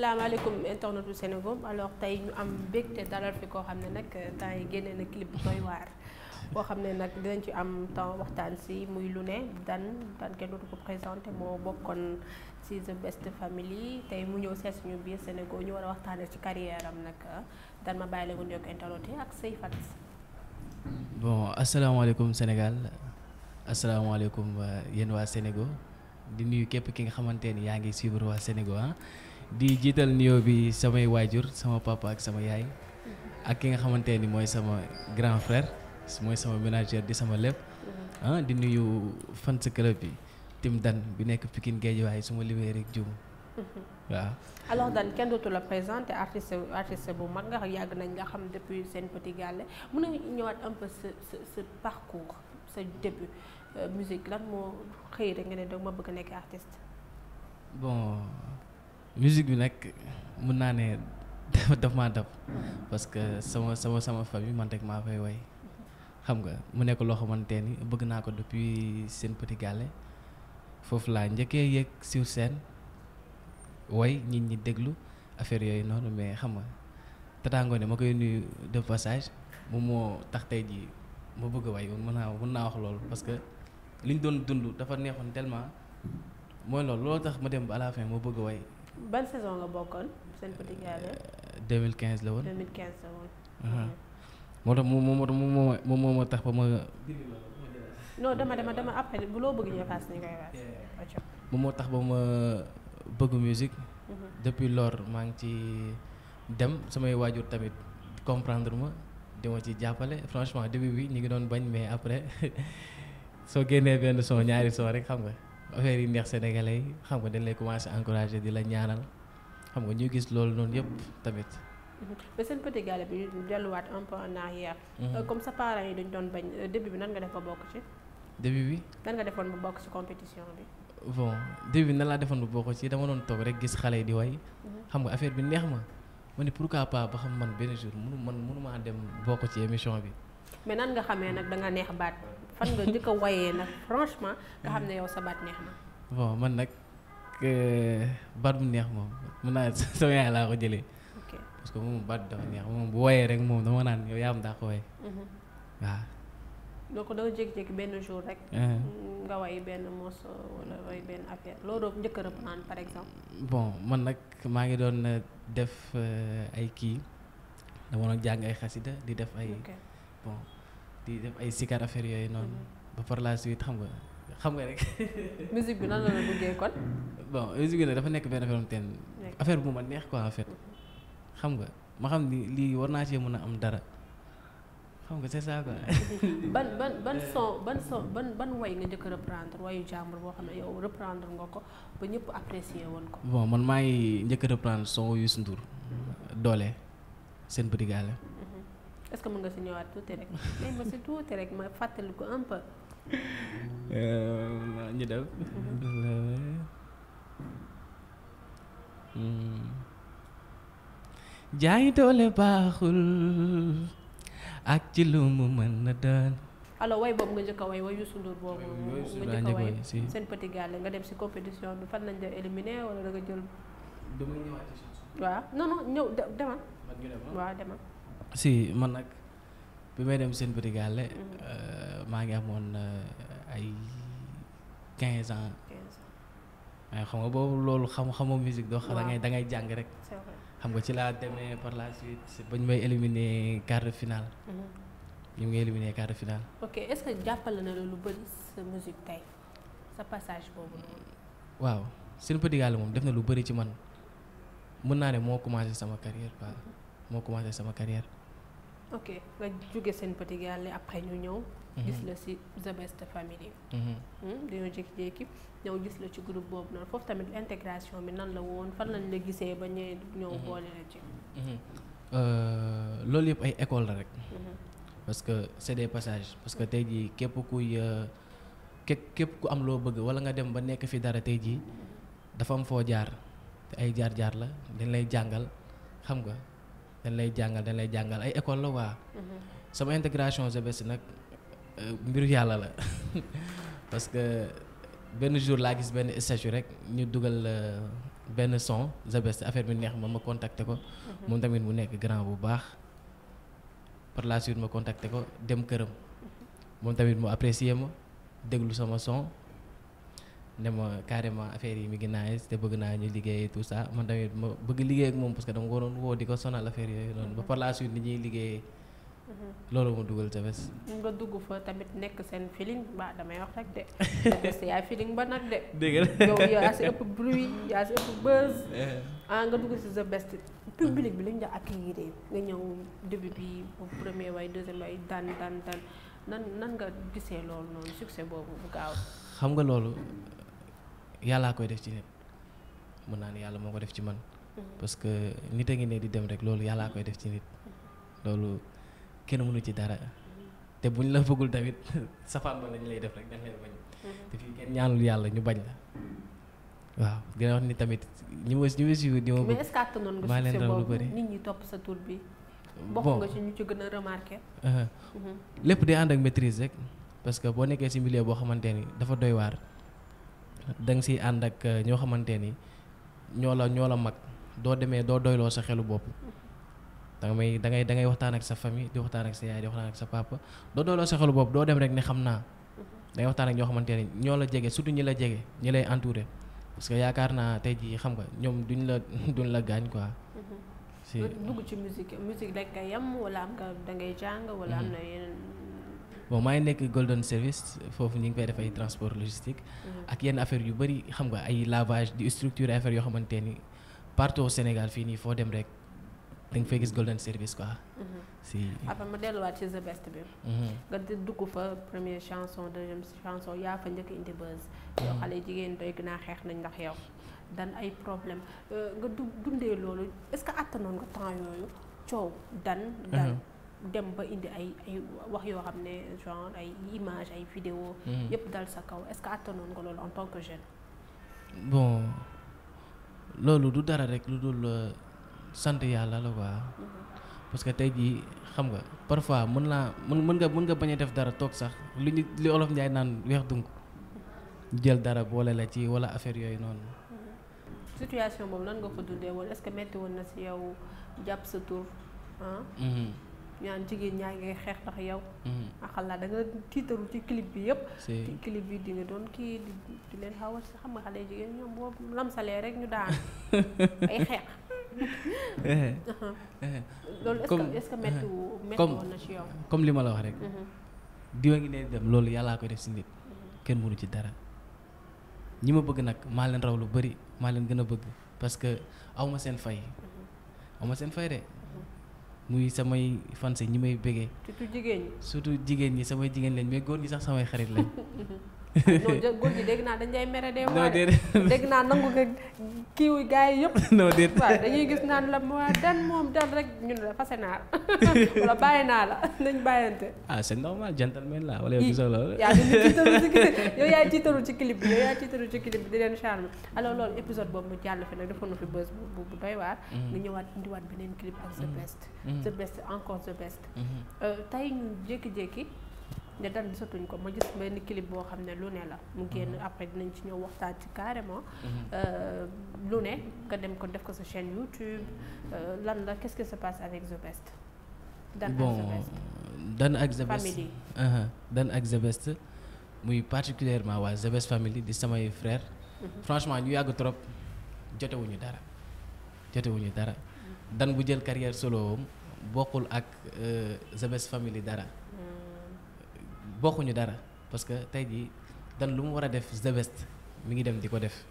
salaamaaleykum internet bu Sénégal alors tey ñu am mbégte dalal fi koo xam ne nag euh, temps yi génnee na clip bu doy waar boo xam ne nag dinañ ci am temps waxtaan si muy lu ne dan dan kenn dootu ko présenté moo bokkoon ci The Best Family tey mu ñëw seet suñu biir Sénégal ñu war a waxtaanee ci carrière nag euh, dan ma bàyyi la nga nuyoog internet yi ak say fans. bon asalaamaaleykum Sénégal asalaamaaleykum euh, yéen waa Sénégal di nuyu képp ki nga xamante ni yaa ngi suivre waa Sénégal di jiital nuyoo bi samay waajur sama papa ak sama yaay ak ki nga xamante ni mooy sama grand frère mooy sama ménagère di sama lépp ah di nuyu fans club bi tim dan bi nekk Pikine Guédiawaye su ma limee rek juum waaw alors Dan kenn dootu la présenté artiste artiste bu mag nga yàgg nañ nga xam depuis seen petit gàlle mën nañu ñëwaat un peu sa sa sa parcours sa début euh, musique lan moo xëy rek nga ne donc ma bëgg nekk artiste bon musique bi nag mun naa ne dafa maa dab parce que sama sama sama famille man teg maa koy way xam nga mu nekk loo xamante ni bëgg naa ko depuis seen petit foofu laa njëkkee yéeg sur scène way nit ñi déglu affaire yooyu noonu mais xam nga tataangoo yi ma koy nuyu de passage moom moo tax tey jii ma bëgg a way mën naa mun naa wax loolu parce que liñ doon dund dafa neexoon tellement mooy loolu loolu tax ma dem ba à la fin ma bëgg a way ban saison nga bokkoon seen petit gallé. 2015 la woon 2015 la woon. Uh-huh. moo tax moom moo moo moom moo tax ba ma. non dama dama dama moo tax ba ma bëgg musique. Mm-hmm. depuis lors maa ngi ci dem samay waajur tamit comprendre ma dama ci jàppale franchement début bi ñu ngi doon bañ mais après soo génnee benn son ñaari son rek xam nga. affaire yi neex sénégalais yi xam nga dañ lay commencé encouragé di la ñaaral xam nga ñu gis loolu noonu yëpp tamit. mais seen petit gala bi ñu delluwaat un peu en mhm. euh, comme sa parents yi dañ doon bañ euh, début bi nan nga def ba bokk ci. début bi. nan nga defoon ba bokk ci compétition bi. bon début bi nan laa defoon ba bokk ci dama doon toog rek gis xale yi di way. Mhm. xam nga affaire bi neex ma ma ne pourquoi pas ba xam man benn jour munu man mënumaa dem bokk ci émission bi. mais nan nga xamee nag da neex baat fan nga njëkk a wayee nag franchement nga xam ne yow sa baat neex na. bon man nag euh, neex moom mën naa que moom baat dafa neex da nga mhm. jékki-jékki benn uh-huh. man nag maa ngi doon def euh, ay kii dama doon jàng ay xasida di def ay. bon di def ay sikar affaire yooyu noonu mm-hmm. ba par la suite xam nga xam musique bi nan la la kon. bon musique bi nag dafa nekk benn affaire teen affaire bu ma neex quoi en fait mm-hmm. xam nga ma xam ni naa cee mën a am dara xam nga c'est ça ba ñëpp apprécier woon ko. bon man maa ngi njëkk reprendre son Youssou Ndour mm-hmm. doole seen bërigaale. est-ce que mën nga si ñëwaat tuuti rek mais ma si tuuti rek fàttali ko un peu. Euh, ñu def. Hmm. jaay doole baaxul ak ci lu mu mën na daan. alors way boobu nga njëkk a way way boobu. nga njëkk a seen petit gàlle nga dem si compétition bi fan lañ la éliminé wala da jël. dama ñëwaat ñëw demal. waaw demal. si man nag bi may dem seen brigale mm. euh, maa ngi amoon euh, ay quinze ans mais xam nga boobu loolu xam-xamu musique doo xam da ngay jàng rek xam nga ci laa demee par la suite ba ñu may éliminer quart de finale mm-hmm. ñu ngi éliminer quart de ok est-ce que jàppale na la lu bëri sa musique tey sa passage boobu waaw seen pëdigaale moom def na lu bëri ci man mën naa ne moo commencé sama carrière quoi mm-hmm. moo commencé sama carrière ok nga jóge seen petit gàllé après ñu ñëw. Mhm. gis la si The Best Family. Mhm. Hmm, dañoo jékki-jékki ñëw gis la ci groupe boobu noonu foofu tamit intégration bi nan la woon fan lañ la gisee ba ñëwee ñëw mhm. boole la euh, loolu yëpp ay école la rek. parce que c'est des passage parce que tey jii képp kuy euh, képp ku am loo bëgg wala nga dem ba nekk fi dara tey jii dafa am foo jaar te ay jaar-jaar la dañ lay jàngal xam nga. dañ lay jàngal dañ jàngal ay école la waa mhm. sama intégration GBS nag euh, mbiru yàlla la parce que benn jour laa gis benn statut rek ñu dugal euh, benn son GBS affaire bi neex ma ma contacté ko mhm. moom tamit mu nekk grand bu baax par la suite ma contacté ko dem këram mhm. moom tamit mu apprécier ma déglu sama son ne ma carrément affaire yi mi ngi nice te bëgg naa ñu liggéey tout ça man tamit ma bëgg liggéey ak moom parce que dama waroon woo di ko sonal affaire yooyu noonu ba par la suite ni ñuy liggéeyee. Mhm. loolu ma dugal Tefess. nga dugg fa tamit nekk seen feeling ba damay wax rek de. parce que yaay feeling ba nag de. dëgg la yaa si ëpp bruit yaa si ëpp buzz. Eh. Ah, nga dugg si the best. public bi mm. lañ la accueillir nga ñëw début bi premier way deuxième way daan daan daan nan nan nga gisee loolu noonu succès boobu bu gaaw. xam nga loolu yàllaa koy def ci nit mën naa ne yàlla moo ko def ci man mm-hmm. parce que nit a ngi ne di dem rek loolu yàllaa koy def ci nit mm-hmm. loolu kenn mënu ci dara mm-hmm. te buñ la bëggul tamit safaan ba lañ lay def rek dañ yàlla ñu bañ la waaw dina wax ni tamit ñi ma ñi ma suivre maa leen raw lu bëri nit ñi topp sa tur bi bokk nga ci ñu ci gën a remarqué uh-huh. lépp day ànd ak maîtrise rek parce que boo nekkee si milieu boo xamante ni dafa doy waar da nga siy ànd ak eh, ñoo xamante ni ñoo la ñoo la mag doo demee doo doyloo sa xelu bopp danga may da ngay da ngay waxtaan ak sa famille di waxtaan ak sa yaay di waxtaan ak sa papa doo doyloo sa xelu bopp doo dem rek ne xam naa mhm. da ngay waxtaan ak ñoo xamante ni ñoo la jege surtout ñi la jege ñi lay entouré parce yaakaar naa tey ji xam nga ñoom duñ la duñ la gaañ quoi. Mhm. dugg ci musique musique rek nga yem wala am nga da jàng wala am na mhm. yeneen. bon maa ngi nekk Golden Service foofu ñu ngi fay def ay transport logistique mm-hmm. ak yenn affaire yu bëri xam nga ay lavage di structure affaire yoo xamante ni partout Sénégal fii nii foo dem rek da nga fay gis Golden Service quoi. Mm-hmm. si après ma delluwaat ci The Best bi. Mm-hmm. nga dugg fa première chanson deuxième chanson yaa fa njëkk indi buzz. yoo xale jigéen doy naa xeex nañ ndax yow dan ay problème euh, nga dundee loolu est-ce que attanoon nga temps yooyu coow dan dem ba indi ay wax yoo xam ne genre ay image ay vidéo mhm. yëpp dal sa kaw est-ce que attanoon nga loolu en tant que jeune bon loolu du dara rek lu dul euh, sant yàlla la quoi mhm. parce que tey jii xam nga parfois mën naa mën mën nga mën nga bañ a def dara toog sax lu ñu li olof njaay naan weex dung jël dara boole la ci walla affaire yooyu noonu mhm. situation boobu nan nga ko dundee woon est-ce que metti woon na si yow jàpp sa tur ñaan jigéen ñaa ngay xeex ndax yow. Mm-hmm. xalaa da nga tiitaru ci clip bi yëpp. ci clip bi di doon kii di leen xaw a xam nga xale jigéen ñoom boo lamsalee rek ñu daan ay xeex. Uh-huh. loolu est-ce que métti na ci yow. comme li ma la wax rek. Uh-huh. diwa ngi ne dem loolu yàllaa koy def si nit. Uh-huh. kenn mënu ci dara. ñi ma bëgg nag maa leen raw lu bari maa leen gën a bëgg parce que aw seen fay. aw ma seen fay de. muy samay fanse ñi may bëggee surtout jigéen ñi samay jigéen lañ mais góor ñi sax samay xarit lañ non jë góor dégg naa dañ lay mere de. non dégg naa nangu nga kii wu yi yëpp. dañuy gis naan la waa dan moom dan rek ñun la fase naa la bàyyi naa la nañ bàyyante. ah c'est normal gentleman la wala yow gisoo loolu. yaa ngi tiitaru ci clip yow yaa tiitaru ci clip bi yow yaa tiitaru ci clip bi di leen charme alors loolu épisode boobu mu jàll fi nag defoon na fi buzz bu bu doy waar. Mm-hmm. nga ñëwaat indiwaat beneen clip ak the mm-hmm. best. Mm-hmm. the best encore the best. Euh, tey jékki-jékki. ne dara gisatuñ ko ma gis benn clip boo xam ne lu ne la mu mhm. génn après dinañ ci ñëw waxtaan ci carrément mhm. euh, lu ne dem ko def ko sa chaîne YouTube euh, lan la qu'est-ce qui se passe avec The Dan bon Dan ak The uh-huh. Dan ak The muy particulièrement waa The Best Family di samay frère mhm. franchement ñu yàgg trop jotewuñu dara jotewuñu dara dan bu jël carrière solo bokkul ak euh, The Best Family dara bokkuñu dara parce que tey jii dan lu mu war a def the best mi ngi dem di ko def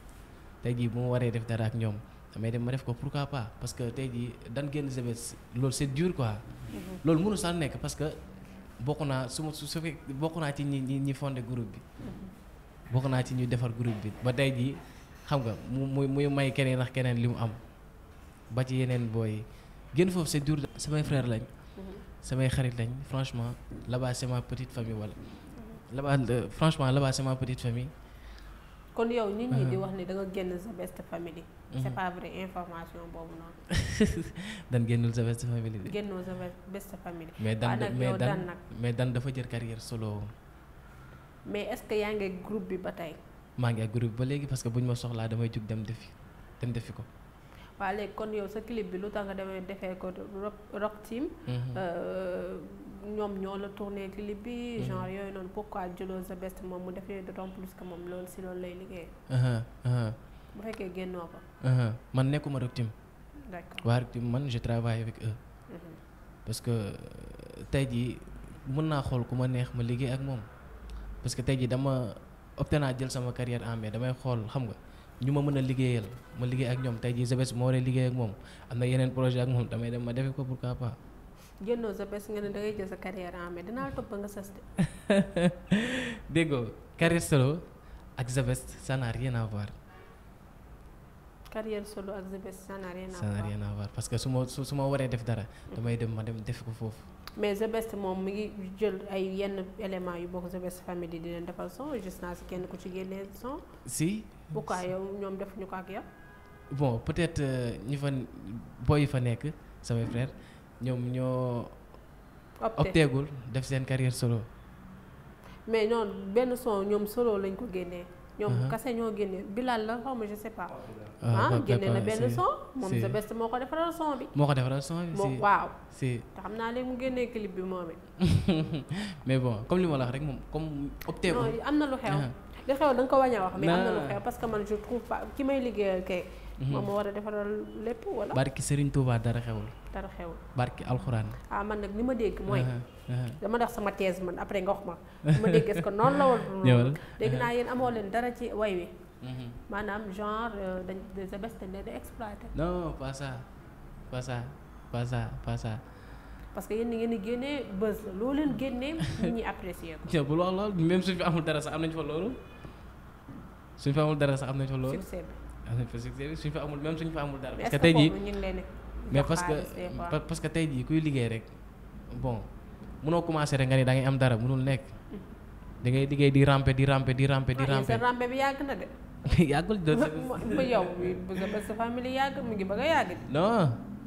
tey jii bu mu waree def dara ak ñoom damay dem ma def ko pourquoi pas parce que tey jii dan génn the best loolu c'est dur quoi. Mhm. loolu mënu sax nekk parce que bokk naa su ma su fekkee bokk naa ci ñi ñi ñi fondé groupe bi. Mhm. bokk naa ci ñuy defar groupe bi ba tey jii xam nga mu muy muy may keneen ak keneen li mu am ba ci yeneen booy yi génn foofu c'est dur. samay frère lañ. samay xarit lañ franchement là-bas c'est ma petite famille wala là-bas franchement là-bas petite famille. kon yow nit ñi di euh. wax ni da nga génn sa best family. c'est mhm. pas information boobu noonu. dan génnul sa best family de. génnul sa best family. mais dan mais dan mais dan dafa jël carrière solo. mais est-ce que yaa ngi groupe bi ba tey. maa ngi ak groupe ba léegi parce que bu ñu ma soxlaa damay jug dem defi dem defi ko. waaw léegi kon yow sa clip bi lu tax nga demee defee ko rock team mhm. euh, ñoom ñoo la tourné clip bi mhm. genre yooyu noonu pourquoi jëloo sa best moom mu def yooyu d'autant plus que moom loolu si loolu lay liggéey uh-huh, uh-huh. bu fekkee génnoo ko uh-huh. man nekkuma rock team d'accord waa rock team man je travaille avec eux mhm. parce que euh, tey jii mën naa xool ku ma neex ma liggéey ak moom parce que tey jii dama opté naa jël sama carrière en main damay xool xam nga ñu ma mën a liggéeyal ma liggéey ak ñoom tey jii Zbest moo waree liggéey ak moom am na yeneen projet ak moom damay dem ma ko pourquoi pas. génnoo Zbest ne dangay jël sa carrière en main dinaa la topp nga sës de. ak Zbest ça n'a rien à solo ak Zbest ça n'a rien parce que su ma su ma waree def dara. damay dem ma dem def ko foofu. mais Zbest moom mi ngi jël ay yenn éléments yu bokk Zbest famille di leen defal son gis naa si kenn ku ci génnee son. si. pourquoi yow ñoom def ñu ko ak yow. bon peut-être euh, ñi fa booy yi fa nekk samay frère ñoom ñoo. opteegul def seen carrière solo. mais ñoom benn son ñoom solo lañ ko génne ñoom uh-huh. kase ñoo génne Bilal la xaw ma je sais pas. ah, ah génne na benn son moom sa best moo ko defaral son bi. moo ko defaral son bi si waaw. si te xam naa léegi mu génnee clip bi moom it. mais bon comme li ma la rek moom comme opteegul. am na lu xew. Uh-huh. li xew da nga ko wàññi wax. mais am na lu xew parce que man je trouve pas ki may liggéeyal kay. Mhm. moom moo war a lépp wala. barki Serigne Touba dara xewul. dara xewul barki alxuraan. ah man nag li ma dégg mooy. Uh-huh, uh-huh. dama def sama thèse man après nga wax ma. li ma noonu la woon. dégg naa yéen uh-huh. amoo leen dara ci way maanaam genre euh, dañ des abestes dañ leen exploité. non pas ça pas ça pas ça pas di génnee buzz loo leen génnee nit ñi apprécier ko. bul wax loolu même su fi amul dara sax am nañu fa loolu. suñ fa amul dara sax am nañ fa loolu. succès bi am ah, nañ fa succès bi suñ fa amul même suñ fa amul dara. parce que tey jii mais parce que parce que tey jii kuy liggéey rek bon mënoo commencé rek nga ni da ngay am dara mënul nekk. da ngay liggéey di rampe di rampe di rampe di rampe. Ah, sa yàgg na de. yàggul de. yow bëgg ba sa mu ngi bëgg a yàgg.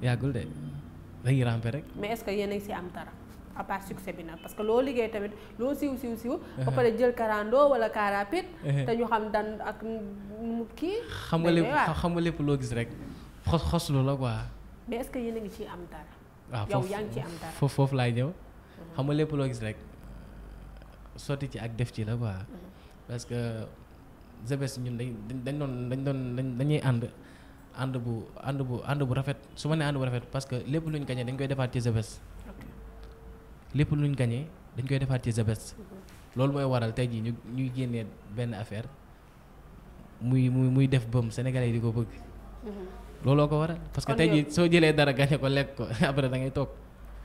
yàggul de dañuy mais est-ce que ngi si am dara. à part succès parce que loo liggéey tamit loo siw siw siw. ba pare jël karando wala karapit. te ñu xam dan ak mu kii. xam nga lépp xam nga lépp loo gis rek xos xoslu la quoi. mais est-ce que yéen a ngi ciy am dara. waaw yow yaa ngi ciy am dara foofu foofu laay ñëw. xam nga lépp loo gis rek sotti ci ak def ci la quoi. parce que Zbest ñun dañ dañ doon dañ doon dañuy ànd. ànd bu ànd bu ànd bu rafet su ma nee ànd bu rafet parce que lépp luñ gañee dañ koy defaat ci Zbest. lépp luñ gañee dañ koy defaat ci ZBest loolu mooy waral tey jii ñu ñuy génne benn affaire muy muy muy def bëm Sénégalais yi di ko bëgg. Mm-hmm. looloo ko waral parce que tey ji soo jëlee dara gañe ko lekk ko après da ngay toog.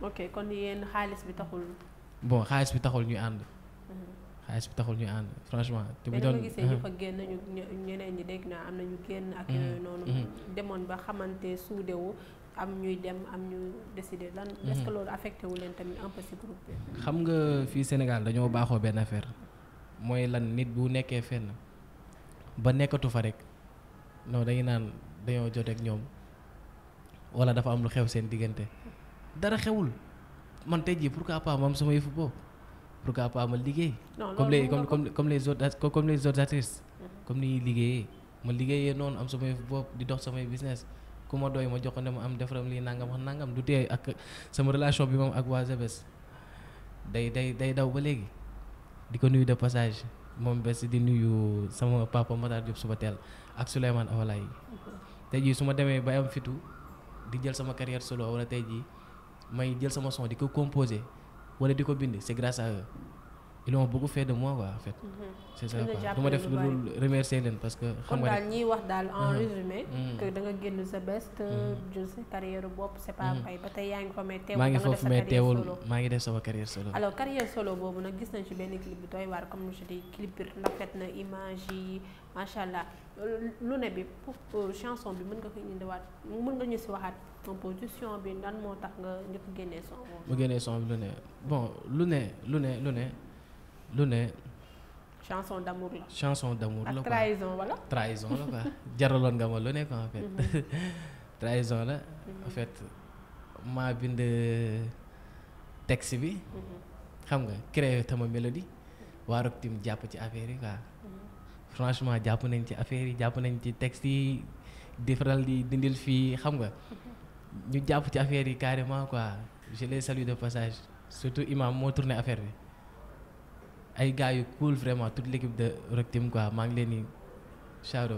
ok kon yenn xaalis bi taxul. bon xaalis bi taxul ñuy ànd. Mm-hmm. xaalis bi taxul ñu ànd franchement. te bu doon gisee ñu uh-huh. fa génn ñu ñeneen ñi dégg naa am na ñu génn. ak mm-hmm. noonu. demoon ba xamante suudewu am ñuy dem am ñu décider lan. Mhm. est-ce que loolu affecté xam nga fii Sénégal dañoo baaxoo benn affaire mooy lan nit bu nekkee fenn ba nekkatu fa rek non dañu naan dañoo jot ak ñoom walla dafa am lu xew seen diggante dara xewul man tey jii pourquoi pas moom sama yëfu bopp pourquoi pas ma liggéey. comme les comme comme comme les comme les autres artistes. Mhm. comme ni ñuy liggéeyee ma liggéeyee noonu am sama yëfu bopp di dox samay business. ku ma doy ma jox ko ne ma am defaram lii nangam wax nangam du tee ak sama relation bi moom ak waa Zébès day day day daw ba léegi di ko nuyu de passage moom bés di nuyu sama papa Matar Diop suba teel ak Souleymane Awalaay tey jii su ma demee ba am fitu di jël sama carrière solo wala tey jii may jël sama son di ko composer wala di ko bind c'est grâce ils ont beaucoup fait de moi quoi en mhm. ma def lu dul remercier leen parce que. xam nga daal ñiy wax mhm. Mhm. da nga génn sa sa carrière bopp c'est pas vrai ba yaa ngi fa mais teewul maa ngi foofu mais teewul maa ngi def sama carrière carrière solo boobu nag gis nañ ci benn clip bi doy waar comme je dis clip bi rafet na image yi macha allah lu ne bi pour euh, chanson bi mën nga ko indiwaat mën nga ñu si waxaat composition bi lan moo tax nga njëkk génnee son boobu. mu génnee son bi lu ne bon lu ne lu ne lu ne. lu ne. chanson d'amour la. chanson d'amour la quoi trahison wala. trahison la quoi jaraloon nga ma lu ne en fait. Mhm. trahison la. Mhm. en fait ma bind euh, texte bi. Mhm. xam nga créé tama mélodie. waa Rock Team jàpp ci affaire yi quoi. franchement jàpp nañ ci affaire yi jàpp nañ ci texte yi di faral di dindil fii xam nga. ñu jàpp ci affaire yi carrément quoi je les salue de passage surtout imam moo tourné affaire bi. ay gars yu cool vraiment toute l'équipe de Rock Team quoi maa ngi leen di shout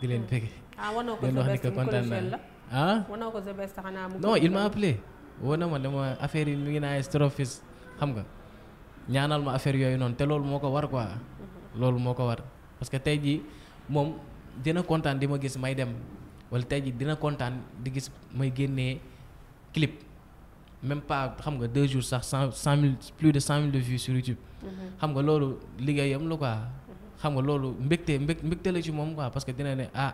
di leen bëgg. ah wanoo ah? ko sa bés kontaan naa ah wanoo ko sa bés xanaa mu non il m'a appelé woo na ma dama affaire yi mi ngi naan strophes xam nga ñaanal ma affaire yooyu noonu te loolu moo ko war quoi. Mhm. loolu moo ko war parce que tey jii moom dina kontaan di ma gis may dem wala tey jii dina kontaan di gis may génnee clip. même pas xam nga deux jours sax cent cent mille plus de cent mille de vues sur YouTube. Mhm. xam nga loolu liggéeyam la quoi. Mhm. xam nga loolu mbégte mbégte la ci moom quoi parce que dina ne ah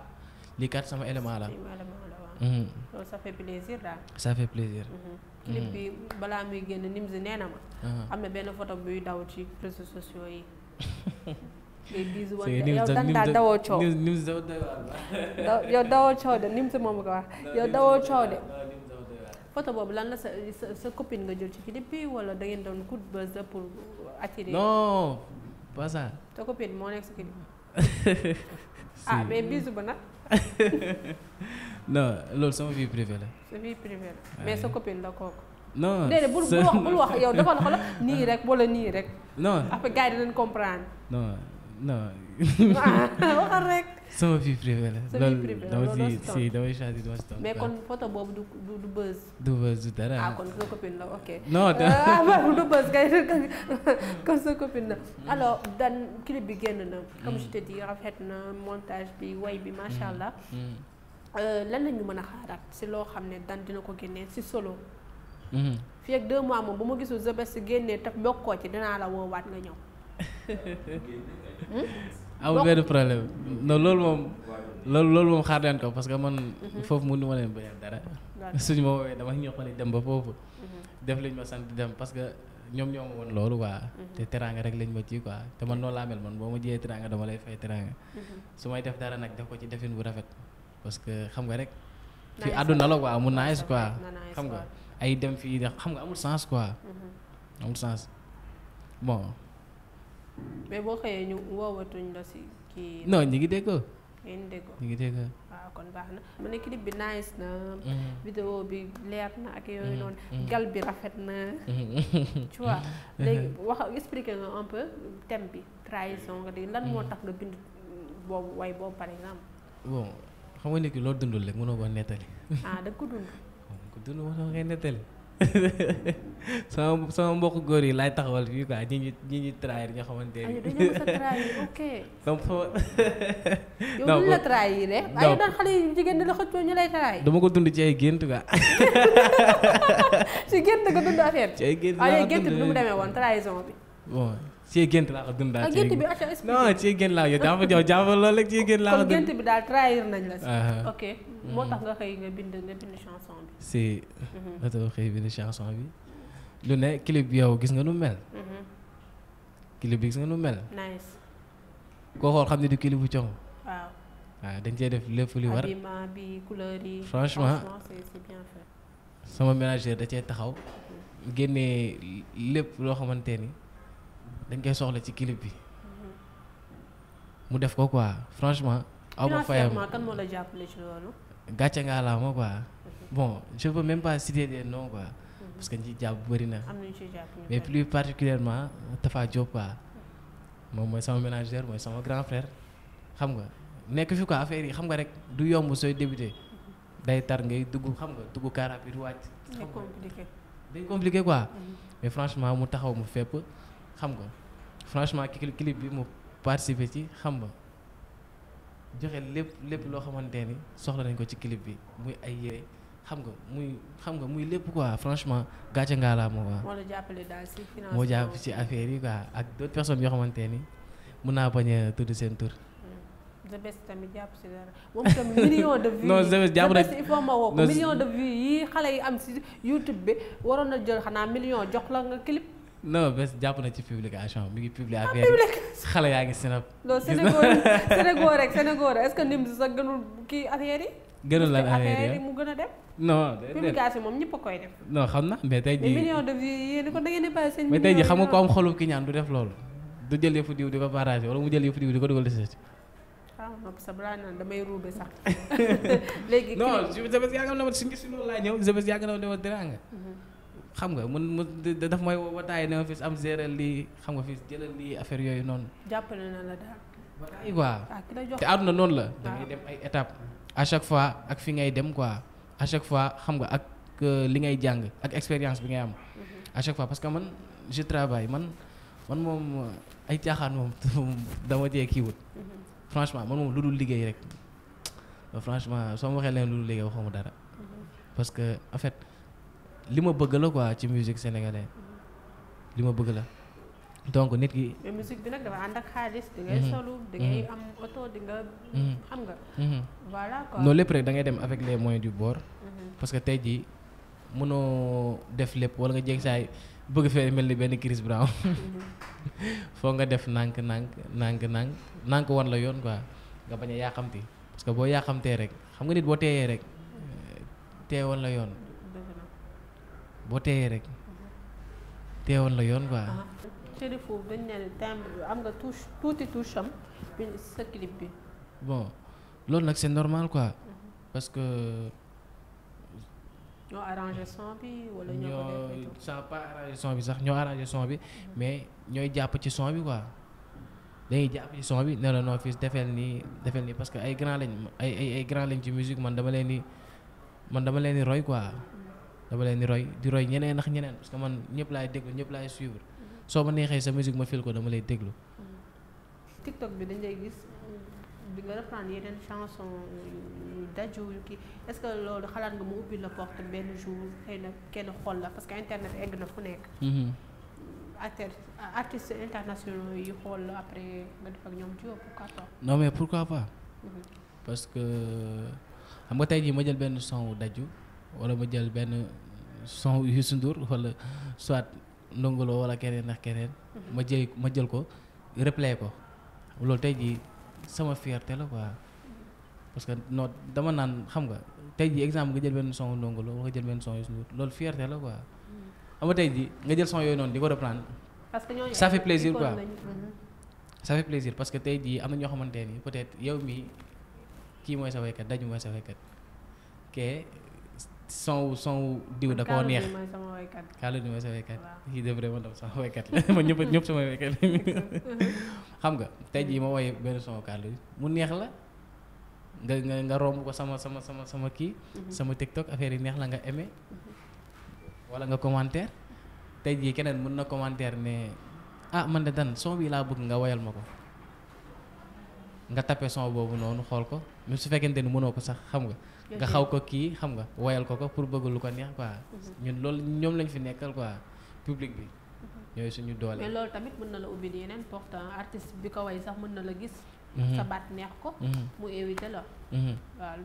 lii kat sama élément la. Mhm. loolu ça benn photo buy daw ci réseaux sociaux yi. ngay bisu woon yow dan daa dawoo coow. Nimzi dawoo coow moom nga wax yow dawoo coow de. photo boobu lan la sa sa copine nga jël ci clip bi wala da ngeen doon good buzz pour attirer. non pas ça. sa copine moo nekk ah, si clip. ah mais bisu ba nag. non loolu sama vie privée sa vie privée mais sa copine la kooku. non déedéet bul bul wax bul wax yow dafa la nii rek wala nii rek. non après gars yi dinañ comprendre. non. non. waxal rek. sama vie privée la. loolu dama si si damay choisir dama si toog. mais kon photo boobu du du du buzz. du buzz ah, du dara. bi génn na. comme je rafet na montage bi woy bi macha allah. Mm, mm. eh, lan mën a xaaraat si loo xam ne dan dina ko génnee si solo. Mm-hmm. fii ak deux moom bu ma gisul The Best génnee te bokkoo ci dinaa la woowaat nga ñëw. Hmm? amul benn problème non loolu moom. loolu loolu moom xaar leen ko parce que man. Mhm. foofu mënu ma leen bañal dara. suñu ma woowee dama ñoqali dem ba foofu. Mhm. def liñ ma sant dem parce que ñoom ñoo loolu quoi. Mhm. te teraanga rek lañ ma ci quoi te man noonu laa man boo ma jiyee teraanga dama lay fay teraanga. su may def dara nag def ko ci defin bu rafet parce que xam nga rek. fi àdduna la quoi mu nice quoi xam nga ay dem fii xam nga amul sens quoi. amul sens bon. mais boo xëyee ñu woowatuñ la si kii. non ñu ngi déggoo. ngeen ñu ngi déggoo. waaw ah, kon baax na mu ne clip bi nice na. Mm-hmm. vidéo bi leer na ak yooyu mm-hmm. noonu. Mm-hmm. gal bi rafet na. tu vois léegi wax expliqué nga un peu thème bi trahison nga dégg lan moo tax nga bind boobu way boobu par exemple. bon xam nga léegi loo dundul rek mënoo ko nettali. ah da ko dund. ko dund mënoo ngay nettali. sama sama mbokk góor yi laay taxawal fii quoi ñi ñu ñi ñu trahir ñoo xamante ne. dañoo mës a trahir ok. donc foo. daan xale yu jigéen ñi la xëccoo ñu lay trahir. dama ko dund ci ay gént quoi. si gént nga dund affaire ci ay gént laa dund bi mu demee woon trahison bi. bon. ci gént laa ko dund daal ah, gént bi ak non ci laa yow jàpp yow loolu rek ci gént laa ko dund bi daal trahir nañ la si ah, ah. ok moo tax nga xëy nga bind nga bind chanson bi mhm. lu ne clip bi yow gis nga nu mel mhm. clip bi gis nga koo xool xam ne du clip bu cong waaw dañ cee def lépp li war franchement sama ménagère da cee taxaw mhm. génnee lépp loo xamante ni dañ koy soxla ci clip bi mu def ko quoi franchement. aw ma fayam gàcce ngaa laa ma quoi bon je peux même pas citer des noms quoi mhm. parce que ñi jàpp bëri na. mais plus particulièrement Tafa Diop quoi moom mooy sama ménagère mooy sama grand frère xam nga nekk fi quoi affaire yi xam nga rek du yomb sooy débuté day tar ngay dugg xam nga dugg car rapide wàcc. day compliqué day mhm. mais franchement mu taxaw mu fépp. xam nga franchement clip bi mu participé ci xam nga joxe lépp lépp loo xamante ni soxla nañ ko ci clip bi muy ay yére xam nga muy xam nga muy lépp quoi franchement gàcce ngaa laa moo quoi. moo la jàppale daal yoo xamante ni hmm. moom tamit million de vues na il faut ma yi xale yi am si YouTube bi waroon na jël xanaa million jox la nga clip. non bés jàpp na ci publication mi ngi publier ah, affaire xale yaa ngi sinap. non Sénégal Sénégal rek Sénégal est-ce que sax gënul kii affaire yi. gënal lan affaire ah? yi mu gën a dem. non a koy def. non xam na de vues yéen ko da ngeen bàyyi seen. mais tey jii xam nga ko am xolu ki ñaan du def loolu. du jël yëfu diw di ko partager wala mu jël yëfu diw di ko dugal di seet. ah non sa balaa naan damay ruube sax. léegi non je yàgg na ma si loolu laa xam nga mun mu daf may woo wataay ne ma am géral li xam nga fii jëlal lii affaire yooyu noonu. jàppale na ah, noonu la. Ah. da dem ay étape à chaque fois ak fi ngay dem quoi à chaque fois xam nga ak euh, li ngay jàng ak expérience bi ngay am. Mhm. à chaque fois parce que man je travaille man man moom ay caaxaan moom dama jee kiiwut. Mhm. franchement man moom lu dul liggéey rek franchement soo ma waxee leen lu dul liggéey waxuma dara mhm. parce que en li ma bëgg la ko ci musique sénégalaise li ma bëgg la donc nit ki. mais bi nag dafa ànd ak xaalis. di ngay mhm. solu di ngay am oto di nga. Mhm. xam nga. Mhm. voilà lépp rek dangay dem avec les moyens du bord. parce que tey jii mënoo def lépp wala nga jéeg saay bëgg fee mel ni benn Chris Brown foo nga def nànk nànk nànk nànk nànk wan la yoon quoi nga bañ a yaaxamti parce que boo yàqamtee rek xam nga nit boo teeyee rek teewoon la yoon. boo teeyee rek teewoon la yoon quoi. Cherif ah, Fou dañ ne timbre am nga touche tuuti touche am sa clip bi. bon loolu nag c'est normal quoi mhm. parce que. ñoo arrangé son bi wala ñoo. sans pas son bi sax ñoo arrangé son bi mhm. mais ñooy jàpp ci son bi quoi dañuy jàpp ci son bi nee la non fii defeel nii defeel nii parce que ay grand lañ ay ay ay grand lañ ci musique man dama leen di man dama leen di roy quoi. Mhm. dama leen di roy di roy ñeneen ak ñeneen parce man ñëpp laay déglu ñëpp laay suivre mm-hmm. soo ma neexee sa musique ma fil ko dama lay déglu. Mm-hmm. TikTok bi dañ lay gis bi mm-hmm. nga reprendre yeneen chanson yu daju yu kii est-ce que loolu xalaat nga mu ubbi la porte benn jour kenn xool la parce que internet egg na fu nekk. acteur artistes yi xool la après nga def ak ñoom jiw pourquoi pas. non mais pourquoi pas. parce que xam nga tey jii ma jël benn son daj wala ma jël benn son Youssou Ndour wala soit Ndongo Lo wala keneen ndax keneen. Mhm. ma jëy ma jël ko replay ko loolu tey jii sama fierté la quoi parce que non dama naan xam nga tey jii exemple nga jël benn son Ndongo Lo wala nga jël benn son Youssou Ndour loolu la ko xam mhm. nga tey nga jël son yooyu noonu di ko reprendre. parce que ñooñu ça plaisir quoi. Mhm. ça fait plaisir parce que tey jii am na ñoo xamante ni peut-être yow mii kii mooy sa waykat daju mooy sa waykat kee son son diw da koo neex Kaalo di mooy sama waykat kii de vraiment dama sama waykat la man ñëpp ñëpp sama waykat xam nga tey jii ma woy benn son Kaalo mu neex la nga nga romb ko sama sama sama sama kii mhm. sama TikTok affaire yi neex la nga aimé mhm. wala nga commentaire tey jii keneen mën na commentaire ne ah man de dan son bii laa bëgg nga woyal ma ko nga tapé son boobu noonu xool ko même su fekkente ni mënoo ko sax xam nga nga xaw ko kii xam nga woyal ko ko pour bëgg lu ko neex quoi. Mhm. ñun loolu ñoom lañ fi nekkal quoi public bi. Mhm. ñooy suñu doole mais loolu tamit mën na la ubbi yeneen porte artiste bi ko way sax mën na la gis. Mhm. sa baat neex ko. mu éviter la. waaw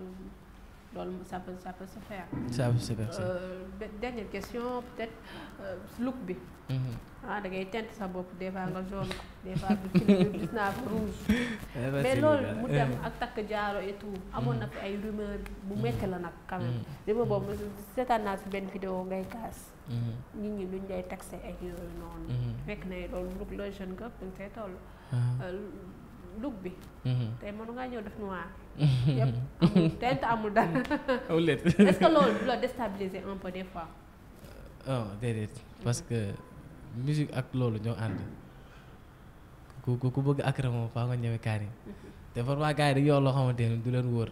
loolu ça peut ça peut se faire. ça peut se faire euh, dernière question peut-être euh, look bi. Mm-hmm. ah da ngay tent sa bopp des fois nga jaune des fois gis naa ko rouge. Eh mais loolu mu dem ak takk jaaro et tout. amoon na fi ay rumeur bu metti la nag quand même. Mm-hmm. rumeur boobu seetaan naa si benn vidéo ngay kaas. Mm-hmm. nit ñi luñ lay taxé ak yooyu noonu. fekk na loolu look loo jeune nga dañ see toll. Ah. Euh, look bi. tey mënu ngaa ñëw def noir. yëpp amul tent amul dara. Oh, parce que musique ak loolu ñoo ànd ku ku bëgg Akra moom faa nga ñëwee Karim mhm. te parfois gars yi dañu loo xamante ne du leen wóor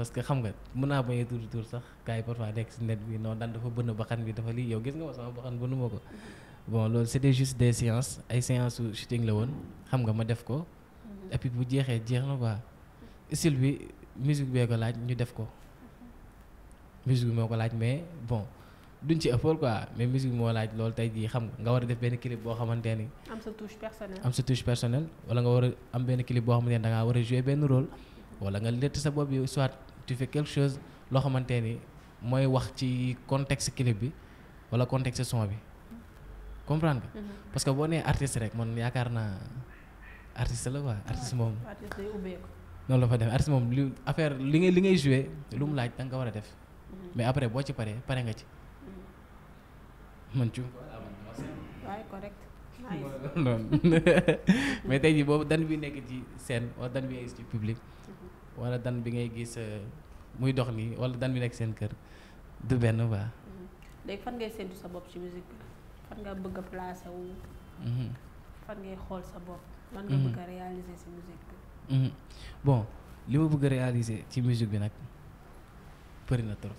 parce que xam nga mun naa bañ a tuur sax gars yi parfois nekk si net bi non daan dafa bënn baxan bi dafa lii yow gis nga ma sama baxan bënn ma ko. Mhm. bon loolu c'était juste des séances ay séances su shooting la woon xam nga ma def ko. Mhm. et bu jeexee jeex na quoi. style bi musique bee ko laaj ñu def ko musique bi moo ko laaj mais bon duñ ci ëppal quoi mais musique moo laaj loolu tey jii xam nga nga war a def benn clip boo xamante ni. am sa touche personnelle am sa touche personnelle wala nga war a am benn clip boo xamante ni da ngaa war a jouer benn role wala nga lett sa bopp yi soit tu fais quelque chose loo xamante ni mooy wax ci contexte clip bi wala contexte son bi comprendre nga. Mhm. parce que boo nee artiste rek man yaakaar naa artiste la quoi artiste noonu la fa def artiste moom li affaire li ngay li ngay joué lu mu laaj da ko war a def mm-hmm. mais après boo ci paree pare nga ci mm-hmm. man ci waaye correct mais tey boobu dan bi nekk ci scène wala dan bi ngay ci public mm-hmm. wala dan bi ngay gis euh, muy dox nii wala dan bi nekk seen kër du benn waa léegi fan ngay séntu sa bopp ci fan nga bëgg a fan ngay xool sa bopp lan nga bëgg a réaliser musique Mhm. bon li ma bëgg a ci musique bi nag bëri na trop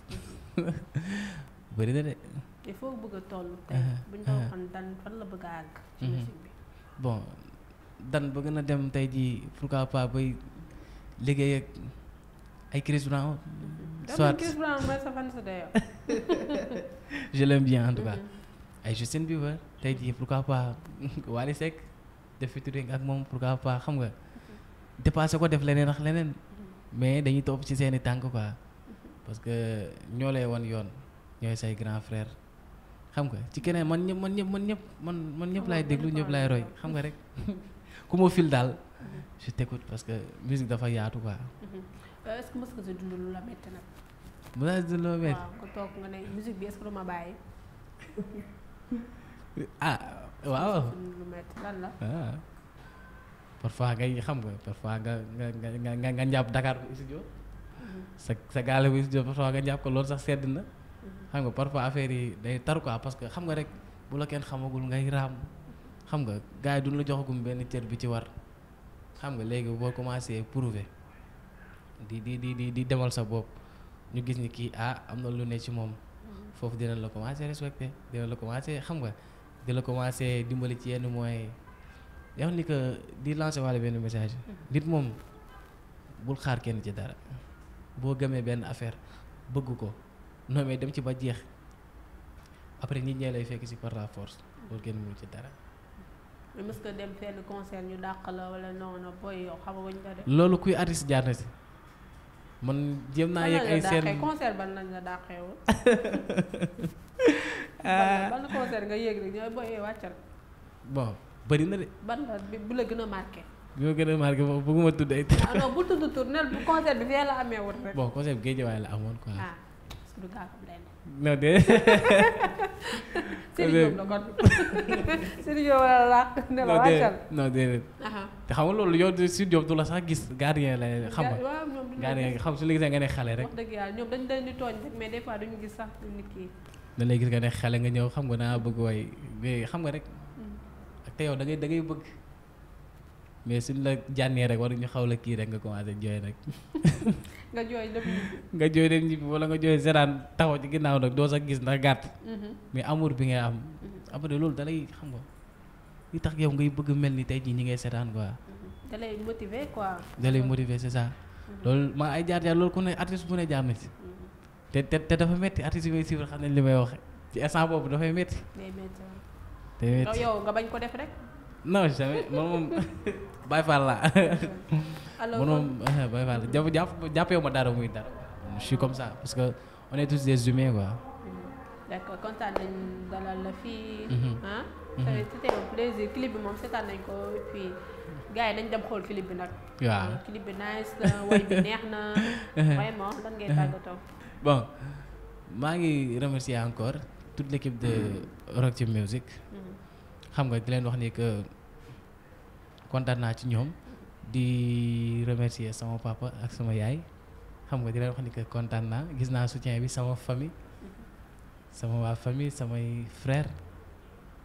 bëri na de. il faut bëgg a toll tey bu ñu dan fan la bëgg àgg. ci mhm. musique bi bon dan bëgg na dem tey jii pourquoi pas bay liggéey ak ay Chris mhm. soit Chris mooy sa fan sa dayoo. je l'aime bien en tout cas. ay Justin Bieber tey jii pourquoi pas Wally Seck def featuring ak moom pourquoi pas xam nga. dépassé ko def leneen ak leneen mais dañuy topp ci seeni tànk quoi parce que ñoo lay won yoon ñooy say grand frère xam nga ci keneen man ñëpp man ñëpp man ñëpp man man ñëpp laay déglu ñëpp laay roy xam nga rek ku ma fil daal je que musique dafa yaatu quoi. Euh, est waaw ma bàyyi. ah waaw. lan ah. parfois ngay xam nga parfois nga nga nga nga nga njàpp Dakar bu sa sa gaale bu studio parfois nga njàpp ko loolu sax sedd na xam nga parfois affaire yi day tar quoi parce que xam nga rek bu la kenn xamagul ngay raam xam nga gars yi duñ la joxagum benn cër bi ci war xam nga léegi boo commencé prouver di di di di di demal sa bopp ñu gis ni kii ah am na lu ne ci moom foofu dina la commencé respecté dina la commencé xam nga dina la dimbali ci yenn moyens yaa ngi ni que di lancer benn message nit moom bul xaar kenn ci dara boo gëmee benn affaire bëgg ko non mais dem ci ba jeex après nit ñee lay fekk si par la force loolu ci dara. mës nga dem fenn concert dàq la loolu kuy artiste jaar na si man jéem naa yegg ay seen concert ban lañ la dàqee woon. ban concert nga yegg rek ñooy booy wàccal bon. bari na de. ban nga bu la gën a marqué. bi ma gën a marqué moom bëgguma tudd ay. ah bu tudd tur nel bu concert bi fee la amee woon rek. bon concert bi géej waay la amoon quoi. ah kon Serigne Diop te xam nga loolu yow Serigne Diop du la sax gis gardien la xam nga. gardien xam su la gisee nga ne xale rek. da lay gis nga nga ñëw xam nga naa bëgg way xam nga rek. te yow dangay ngay bëgg mais suñ la jànnee rek waruñu xaw la kii rek nga commencé jooy rek. nga jooy dem ñibbi. nga jooy dem ñibbi wala nga jooy seetaan taxaw ci ginnaaw nag doo sax gis ndax gàtt. Mhm. mais amour bi ngay am. Mhm. après loolu da xam nga li tax yow ngay bëgg mel ni tey jii ñi ngay seetaan quoi. Mhm. da lay motiver quoi. loolu ma ay jaar jaar loolu ku ne artiste bu ne jaar na te te dafa métti artiste yi may suivre xam nañ li may waxe ci instant boobu dafay métti. yow nga bañ ko def rek. non jamais man moom moom Baye Fall euh, jàpp jàpp ma dara muy dara. je comme ça parce que on est tous des humains quoi. Mm. dalal la fii. Mhm. ah. Mhm. bi moom seetaan nañ ko et puis yi nañ dem xool clip bi nag. waaw ah, clip bi nice na bi neex na. vraiment lan ngay tàggatoo. bon maa ngi remercier encore. toute l' équipe de hmm. Rock Team Music hmm. xam nga di leen wax ni que kontaan naa ci ñoom di remercier sama papa ak sama yaay xam nga di leen wax ni que kontaan naa gis naa soutien bi sama famille hmm. sama waa famille samay frère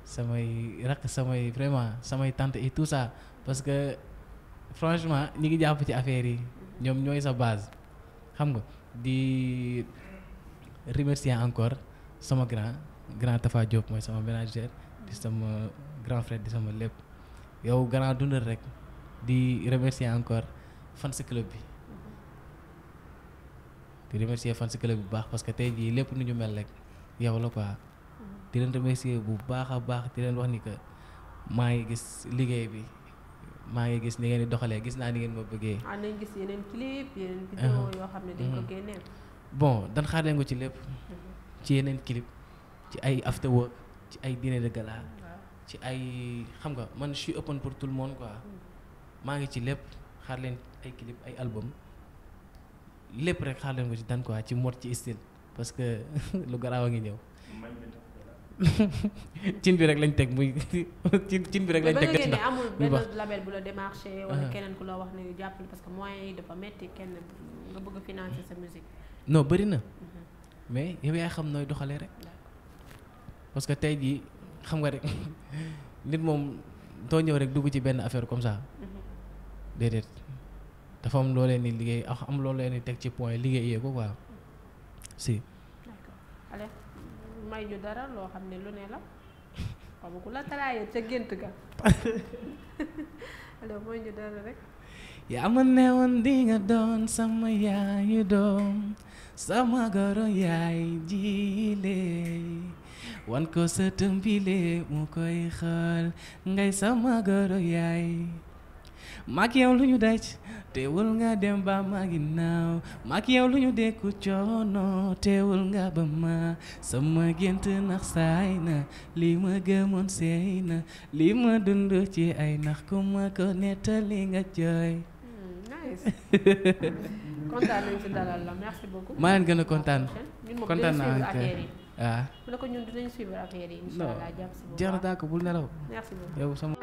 samay rakk samay vraiment samay tante et tout ça parce que franchement ñi ngi jàpp ci affaire yi ñoom ñooy sa base xam nga di remercier encore sama grand grand Tafa Diop mooy sama manager di sama grand frère di sama lépp yow grand dundal rek di remercier encore fans club bi di remercier fans club bu baax parce que tey jii lépp nu ñu mel rek yow la quoi di leen remercier bu baax a baax di leen wax ni que maa ngi gis liggéey bi maa ngi gis ni ngeen di doxalee gis naa ni ngeen ma bëggee. ah nañ gis yeneen clip yeneen vidéo yoo xam ne dañ ko génnee. bon dan xaar leen ko ci lépp. ci yeneen clip ci ay after work ci ay dîner de ci ay xam nga man je suis open pour tout le monde quoi mm. maa ngi ci lépp xaar leen ay clip ay album lépp rek xaar leen ko ci dan quoi ci mot ci style parce que lu garaaw a ngi ñëw. cin bi rek lañ teg muy cin bi rek lañ teg. gàncax amul benn label bu la démarché. wala uh-huh. keneen ku la wax ne jàppale parce que moyens yi dafa metti kenn nga bëgg a financer sa musique. non bëri na. Mm-hmm. mais yow yaa xam nooy doxalee rek parce que tey jii xam nga rek nit moom doo ñëw rek dugg ci benn affaire comme ça mm-hmm. déedéet dafa am loo leen ni liggéey am loo leen teg ci point liggéeyee ko quoi si. may ñu dara loo xam ne lu ne la xamu ku la talaayee doon sama yaayu doom. sama goro yaay jiile wan ko sa tëmbile mu koy xal ngay sama goro yaay maak yow lu ñu daj teewul nga dem ba ma ginnaaw maak yow lu ñu dekku coono teewul nga ba ma sama gént nax saay na li ma gëmoon seey na li ma dund ci ay nax ku ma ko nettali nga jooy kontaan nañ ci dalal la merci beaucoup. maa leen gën a kontaan. kontaan naa ak waaw. Ah. bu la ko daa ko bul nelaw. yow sama.